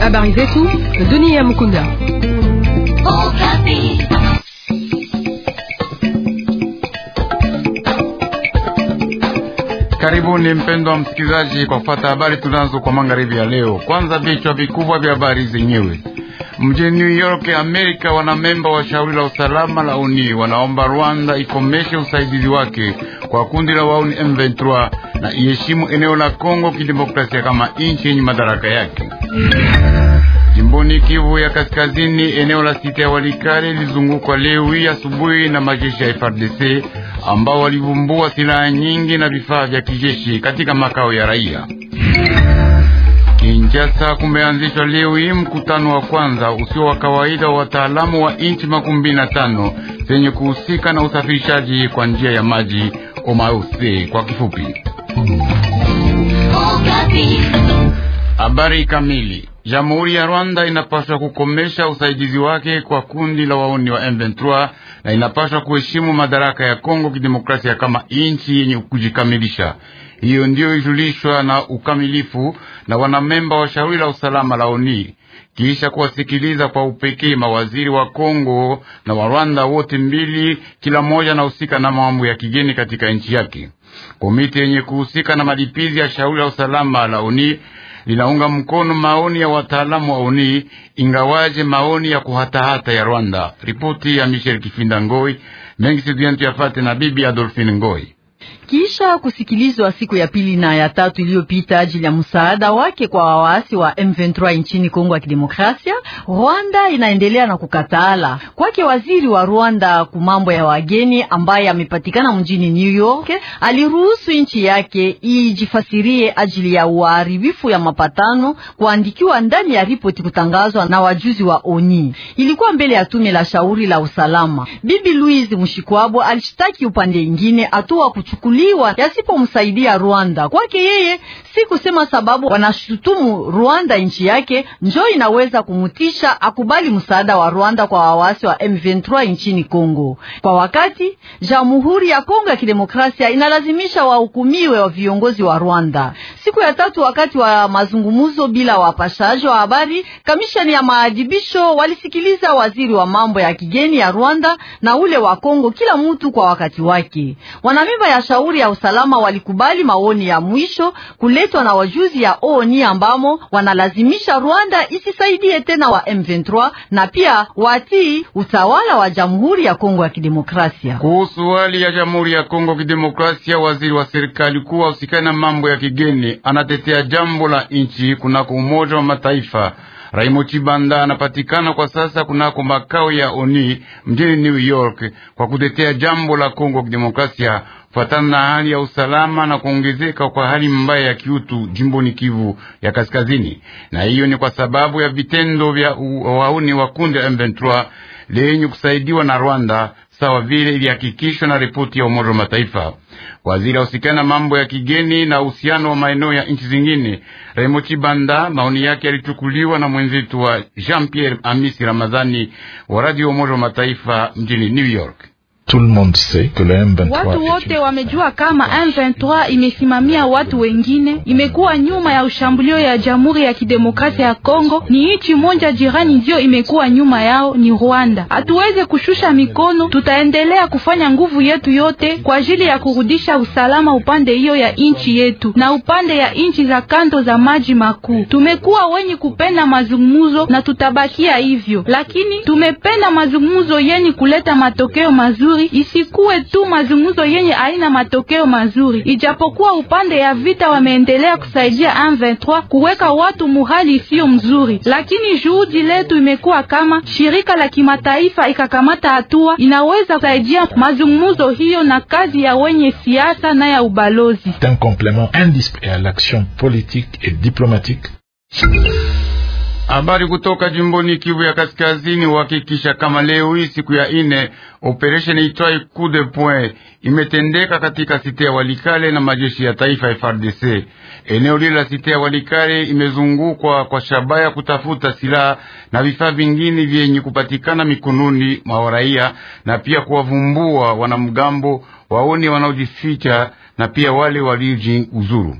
Habari zetu Dunia Mukunda. Karibuni mpendwa msikilizaji, kwa kufata habari tunazo kwa magharibi ya leo. Kwanza vichwa vikubwa vya habari zenyewe mjini New York ya Amerika. memba wa shauri la usalama la uni wanaomba Rwanda ikomeshe usaidizi wake kwa kundi la wauni M23 na iheshimu eneo la Kongo kidemokrasia kama nchi yenye madaraka yake. Jimboni Kivu ya Kaskazini, eneo la sita ya Walikale lilizungukwa leo hii asubuhi na majeshi ya FARDC ambao walivumbua silaha nyingi na vifaa vya kijeshi katika makao ya raia. Kinshasa kumeanzishwa leo hii mkutano wa kwanza usio wa kawaida wa wataalamu wa inchi makumi mbili na tano zenye kuhusika na usafirishaji kwa njia ya maji OMAUSE kwa kifupi. Habari kamili. Jamhuri ya Rwanda inapaswa kukomesha usaidizi wake kwa kundi la wauni wa M23 na inapaswa kuheshimu madaraka ya Kongo Kidemokrasia kama inchi yenye kujikamilisha. Hiyo ndiyo ijulishwa na ukamilifu na wanamemba wa shauri la usalama la ONI kisha kuwasikiliza kwa upekee mawaziri wa Kongo na wa Rwanda, wote mbili, kila mmoja anahusika na mambo ya kigeni katika nchi yake. Komiti yenye kuhusika na malipizi ya shauri la usalama la ONI linaunga mkono maoni ya wataalamu wa ONI, ingawaje maoni ya kuhatahata ya Rwanda. Ripoti ya Michel Kifinda Ngoi mengi sidiantu yafate na bibi Adolfine Ngoi. Kisha kusikilizwa siku ya pili na ya tatu iliyopita ajili ya msaada wake kwa waasi wa M23 nchini Kongo ya Kidemokrasia, Rwanda inaendelea na kukatala kwake. Waziri wa Rwanda kwa mambo ya wageni ambaye amepatikana mjini New York aliruhusu nchi yake ijifasirie ajili ya uharibifu ya mapatano kuandikiwa ndani ya ripoti kutangazwa na wajuzi wa ONI. Ilikuwa mbele ya tume la shauri la usalama. Bibi Louise Mushikwabo alishtaki upande ingine atoa kuchukua kuchukuliwa yasipomsaidia Rwanda. Kwake yeye si kusema sababu wanashutumu Rwanda nchi yake njo inaweza kumutisha akubali msaada wa Rwanda kwa waasi wa M23 nchini Kongo. Kwa wakati Jamhuri ya Kongo ya Kidemokrasia inalazimisha wahukumiwe wa viongozi wa Rwanda. Siku ya tatu, wakati wa mazungumzo bila wapashaji wa habari, kamishani ya maadibisho walisikiliza waziri wa mambo ya kigeni ya Rwanda na ule wa Kongo, kila mtu kwa wakati wake. Wanamimba ya shauri shauri ya usalama walikubali maoni ya mwisho kuletwa na wajuzi ya ONI ambamo wanalazimisha Rwanda isisaidie tena wa M23 na pia watii utawala wa Jamhuri ya Kongo ya Kidemokrasia. Kuhusu hali ya Jamhuri ya Kongo Kidemokrasia, waziri wa serikali kuwa ausikani na mambo ya kigeni anatetea jambo la nchi kunako Umoja wa Mataifa. Raimo Chibanda anapatikana kwa sasa kunako makao ya ONI mjini New York kwa kutetea jambo la Kongo Kidemokrasia kufatana na hali ya usalama na kuongezeka kwa hali mbaya ya kiutu jimboni Kivu ya Kaskazini, na hiyo ni kwa sababu ya vitendo vya wauni wa kundi la M23 lenye kusaidiwa na Rwanda sawa vile ilihakikishwa na ripoti ya Umoja wa Mataifa. Waziri ausikana mambo ya kigeni na uhusiano wa maeneo ya nchi zingine Raymond Chibanda, maoni yake yalichukuliwa na mwenzetu wa Jean Pierre Amisi Ramadhani wa radio Umoja wa Mataifa mjini New York. Watu wote wamejua kama M23 imesimamia watu wengine, imekuwa nyuma ya ushambulio ya Jamhuri ya Kidemokrasia ya Kongo. Ni nchi moja jirani ndiyo imekuwa nyuma yao, ni Rwanda. Hatuweze kushusha mikono, tutaendelea kufanya nguvu yetu yote kwa ajili ya kurudisha usalama upande hiyo ya nchi yetu na upande ya nchi za kando za maji makuu. Tumekuwa wenye kupenda mazungumzo na tutabakia hivyo, lakini tumependa mazungumzo yenye kuleta matokeo mazuri mazuri isikuwe tu mazungumzo yenye aina matokeo mazuri. Ijapokuwa upande ya vita wameendelea kusaidia M23 kuweka watu muhali isiyo mzuri, lakini juhudi letu imekuwa kama shirika la kimataifa ikakamata hatua inaweza kusaidia mazungumzo hiyo na kazi ya wenye siasa na ya ubalozi. Un complement indispensable à l'action politique et diplomatique Habari kutoka jimboni Kivu ya Kaskazini uhakikisha kama leo hii siku ya ine operesheni itwayo coup de point imetendeka katika site ya Walikale na majeshi ya taifa frdc Eneo lile la site ya Walikale imezungukwa kwa shabaha ya kutafuta silaha na vifaa vingine vyenye kupatikana mikononi mwa raia na pia kuwavumbua wanamgambo waone wanaojificha na pia wale waliojiuzuru.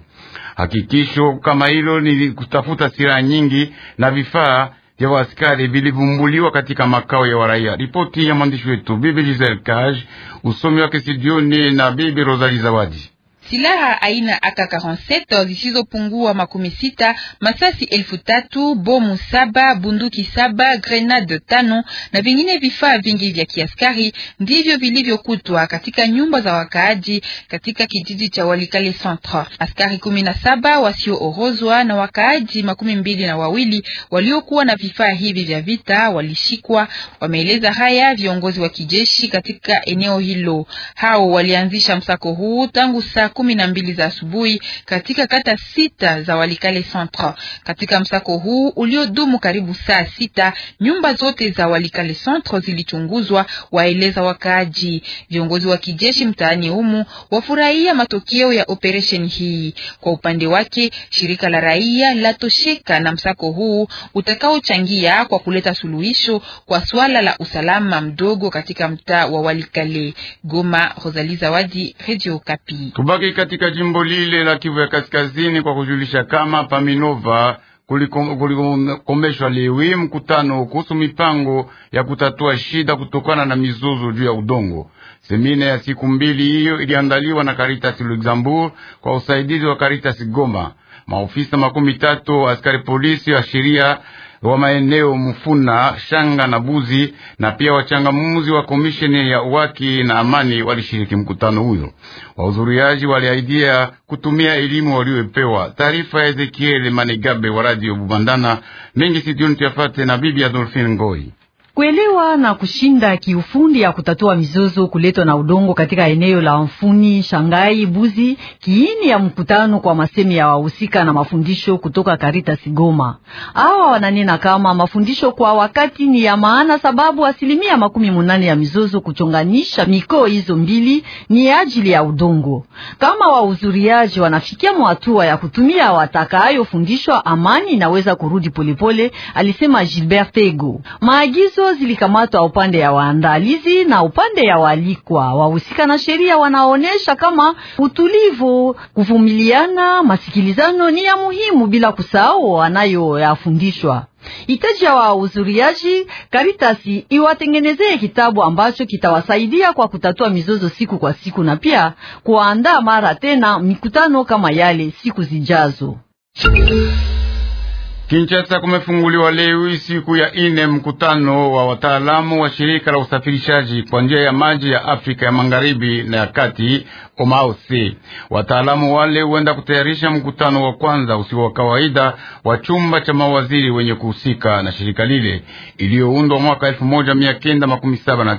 Hakikisho kama hilo ni kutafuta silaha nyingi na vifaa vya askari vilivumbuliwa katika makao ya waraia. Ripoti ya mwandishi wetu Bibi Giselle Cage, usomi wake studioni na Bibi Rosalie Zawadi silaha aina AK47 zisizopungua makumi sita, masasi elfu tatu, bomu saba, bunduki saba, grenade tano na vingine vifaa vingi vya kiaskari ndivyo vilivyokutwa katika nyumba za wakaaji katika kijiji cha Walikale Centre. Askari kumi na saba wasioorozwa na wakaaji makumi mbili na wawili waliokuwa na vifaa hivi vya vita walishikwa. Wameeleza haya viongozi wa kijeshi katika eneo hilo. Hao walianzisha msako huu tangu saa kumi na mbili za asubuhi katika kata sita za Walikale Centre. Katika msako huu uliodumu karibu saa sita, nyumba zote za Walikale Centre zilichunguzwa, waeleza wakaaji. Viongozi wa kijeshi mtaani humu wafurahia matokeo ya operesheni hii. Kwa upande wake, shirika la raia latosheka na msako huu utakaochangia kwa kuleta suluhisho kwa swala la usalama mdogo katika mtaa wa Walikale. Goma, Rosalie Zawadi, Radio Kapi. Tubaki waziri katika jimbo lile la Kivu ya Kaskazini kwa kujulisha kama Paminova kulikomeshwa lewi mkutano kuhusu mipango ya kutatua shida kutokana na mizozo juu ya udongo. Semina ya siku mbili hiyo iliandaliwa na Caritas Luxembourg kwa usaidizi wa Caritas Goma. Maofisa makumi tatu askari polisi wa sheria wa maeneo Mfuna, Shanga na Buzi, na pia wachangamuzi wa komisheni ya uwaki na amani walishiriki mkutano huyo. Wahudhuriaji waliaidia kutumia elimu waliopewa. Taarifa ya Ezekiel Manigabe wa Radio Bubandana mengi sidioni tuyafate na bibi Adolfine Ngoi. Kuelewa na kushinda kiufundi ya kutatua mizozo kuletwa na udongo katika eneo la Mfuni, Shangai, Buzi, kiini ya mkutano kwa masemi ya wahusika na mafundisho kutoka Karita Goma. Hawa wananena kama mafundisho kwa wakati ni ya maana, sababu asilimia makumi munane ya mizozo kuchonganisha mikoa hizo mbili ni ajili ya udongo. Kama wahudhuriaji wanafikia mwatua ya kutumia watakayofundishwa, amani inaweza kurudi polepole, alisema Gilbert Tego. Maagizo hizo zilikamatwa upande ya waandalizi na upande ya walikwa. Wahusika na sheria wanaonyesha kama utulivu, kuvumiliana, masikilizano ni ya muhimu, bila kusahau wanayoyafundishwa hitaji ya wahudhuriaji. Karitasi iwatengenezee kitabu ambacho kitawasaidia kwa kutatua mizozo siku kwa siku na pia kuandaa mara tena mikutano kama yale siku zijazo. Kinshasa kumefunguliwa leo siku ya ine mkutano wa wataalamu wa shirika la usafirishaji kwa njia ya maji ya Afrika ya Magharibi na ya Kati Omaosi. Wataalamu wale huenda kutayarisha mkutano wa kwanza usio wa kawaida wa chumba cha mawaziri wenye kuhusika na shirika lile iliyoundwa mwaka saba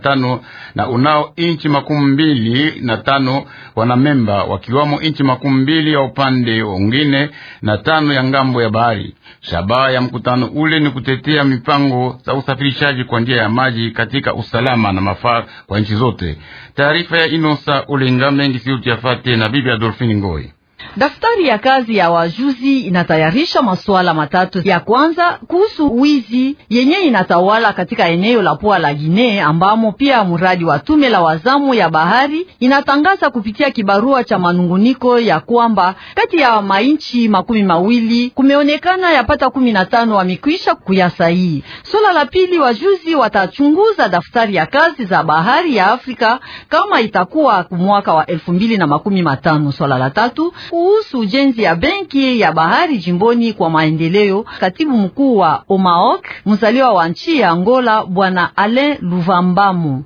na unao inchi makumi mbili na tano wanamemba wakiwamo inchi makumi mbili ya upande wengine na tano ya ngambo ya bahari. Shabaha ya mkutano ule ni kutetea mipango za usafirishaji kwa njia ya maji katika usalama na mafaa kwa nchi zote. Taarifa ya Inosa Ulenga Mengi. più ti ha fatti una Bibbia Dolfini in Daftari ya kazi ya wajuzi inatayarisha masuala matatu. Ya kwanza kuhusu wizi yenye inatawala katika eneo la pua la Guinea, ambamo pia mradi wa tume la wazamu ya bahari inatangaza kupitia kibarua cha manunguniko ya kwamba kati ya mainchi makumi mawili kumeonekana yapata kumi na tano wamekwisha kuyasaini. Swala la pili, wajuzi watachunguza daftari ya kazi za bahari ya Afrika kama itakuwa mwaka wa elfu mbili na makumi matano. Swala la tatu kuhusu ujenzi ya benki ya bahari jimboni kwa maendeleo. Katibu mkuu wa OMAOK mzaliwa wa nchi ya Angola Bwana Alain Luvambamu: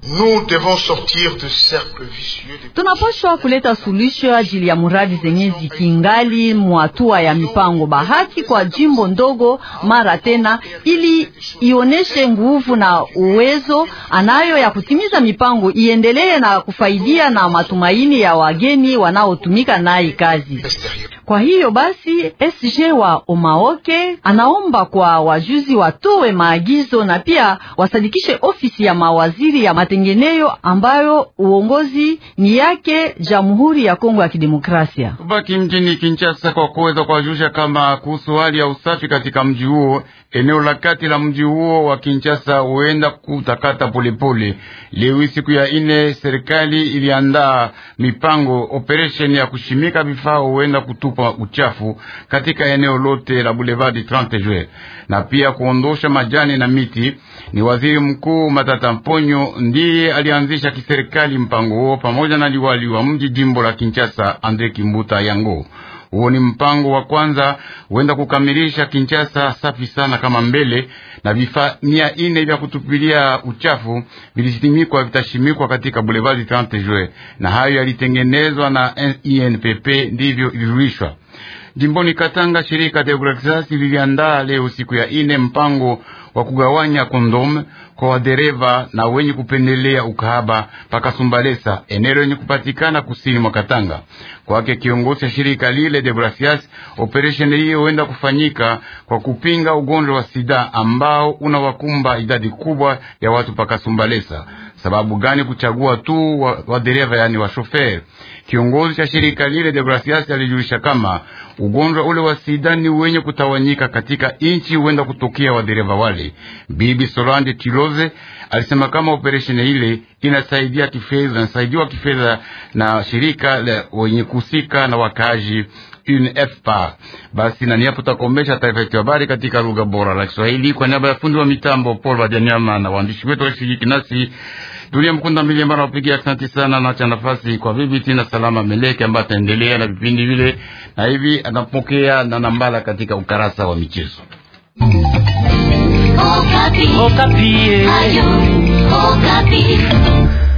tunapashwa kuleta suluhisho ajili ya muradi zenye zikingali mwatua ya mipango bahati kwa jimbo ndogo mara tena, ili ioneshe nguvu na uwezo anayo ya kutimiza mipango iendelee na kufaidia na matumaini ya wageni wanaotumika naye kazi. Kwa hiyo basi SG wa Omaoke anaomba kwa wajuzi watowe maagizo na pia wasadikishe ofisi ya mawaziri ya matengeneyo ambayo uongozi ni yake Jamhuri ya Kongo ya Kidemokrasia. Baki mjini Kinshasa kwa kuweza kuwajulisha kama kuhusu hali ya usafi katika mji huo eneo la kati la mji huo wa Kinshasa huenda kutakata polepole. Leo siku ya ine, serikali iliandaa mipango operation ya kushimika vifaa huenda kutupa uchafu katika eneo lote la Boulevard 30 Juin na pia kuondosha majani na miti. Ni waziri mkuu Matata Mponyo ndiye alianzisha kiserikali mpango huo pamoja na liwali wa mji jimbo la Kinshasa Andre Kimbuta Yango. Huo ni mpango wa kwanza huenda kukamilisha Kinshasa safi sana kama mbele, na vifaa mia ine vya kutupilia uchafu vilisimikwa vitashimikwa katika Boulevard 30 Juin, na hayo yalitengenezwa na INPP ndivyo ilirudishwa Jimboni Katanga, shirika Teokrasasi liliandaa leo siku ya ine mpango wa kugawanya kondome kwa wadereva na wenye kupendelea ukahaba pakasumbalesa eneo lenye kupatikana kusini mwa Katanga. Kwake kiongozi cha shirika lile Degracias, operesheni hiyo huenda kufanyika kwa kupinga ugonjwa wa sida ambao unawakumba idadi kubwa ya watu pakasumbalesa. Sababu gani kuchagua tu wa, wa dereva yani wa shofer? Kiongozi cha shirika lile Deogratias alijulisha kama ugonjwa ule wa sida ni wenye kutawanyika katika inchi, huenda kutokea wadereva wale. Bibi Solange Tiloze alisema kama operesheni ile inasaidia kifedha, inasaidiwa kifedha na shirika la wenye kuhusika na wakazi UNFPA. Basi na niapo takomesha taarifa yetu habari katika lugha bora la Kiswahili kwa niaba ya fundi wa mitambo Paul Wajanyama na waandishi wetu walishiriki nasi Dunia Mkunda Mbili ambayo anapigia asanti sana, anaacha nafasi kwa bibi Tina Salama Meleke ambaye ataendelea na vipindi vile, na hivi anapokea na nambala katika ukarasa wa michezo. Okapi. Oh, Okapi. Oh, eh. Ayo. Okapi. Oh,